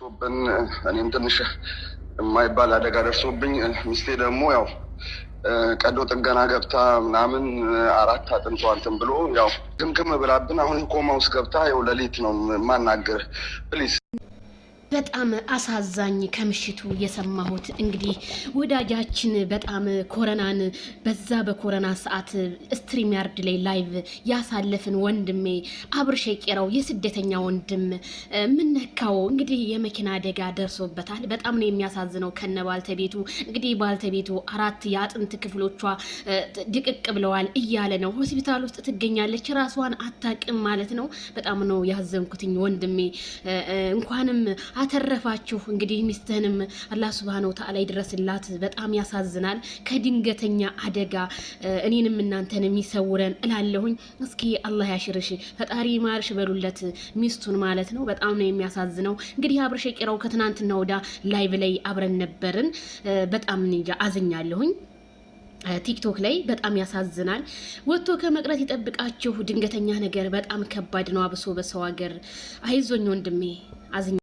ደርሶብን እኔም ትንሽ የማይባል አደጋ ደርሶብኝ ሚስቴ ደግሞ ያው ቀዶ ጥገና ገብታ ምናምን አራት አጥንቷ እንትን ብሎ ያው ግምግም ብላብን አሁን ኮማ ውስጥ ገብታ ያው ለሊት ነው ማናገር ፕሊስ በጣም አሳዛኝ ከምሽቱ የሰማሁት እንግዲህ ወዳጃችን በጣም ኮረናን በዛ በኮረና ሰዓት ስትሪም ያርድ ላይ ላይቭ ያሳለፍን ወንድሜ አብርሽ የቄራው የስደተኛ ወንድም ምነካው እንግዲህ የመኪና አደጋ ደርሶበታል። በጣም ነው የሚያሳዝነው ከነ ባልተቤቱ እንግዲህ ባልተቤቱ አራት የአጥንት ክፍሎቿ ድቅቅ ብለዋል እያለ ነው ሆስፒታል ውስጥ ትገኛለች። ራሷን አታቅም ማለት ነው። በጣም ነው ያዘንኩትኝ ወንድሜ እንኳንም አተረፋችሁ። እንግዲህ ሚስትህንም አላህ ሱብሃነሁ ወተዓላ ይድረስላት። በጣም ያሳዝናል። ከድንገተኛ አደጋ እኔንም እናንተንም ይሰውረን እላለሁኝ። እስኪ አላህ ያሽርሽ፣ ፈጣሪ ማርሽ በሉለት ሚስቱን ማለት ነው። በጣም ነው የሚያሳዝነው። እንግዲህ አብርሽ ቄራው ከትናንትና ወዳ ላይቭ ላይ አብረን ነበርን። በጣም እንጃ አዝኛለሁኝ። ቲክቶክ ላይ በጣም ያሳዝናል። ወጥቶ ከመቅረት ይጠብቃችሁ። ድንገተኛ ነገር በጣም ከባድ ነው፣ አብሶ በሰው ሀገር። አይዞኝ ወንድሜ አዝኛ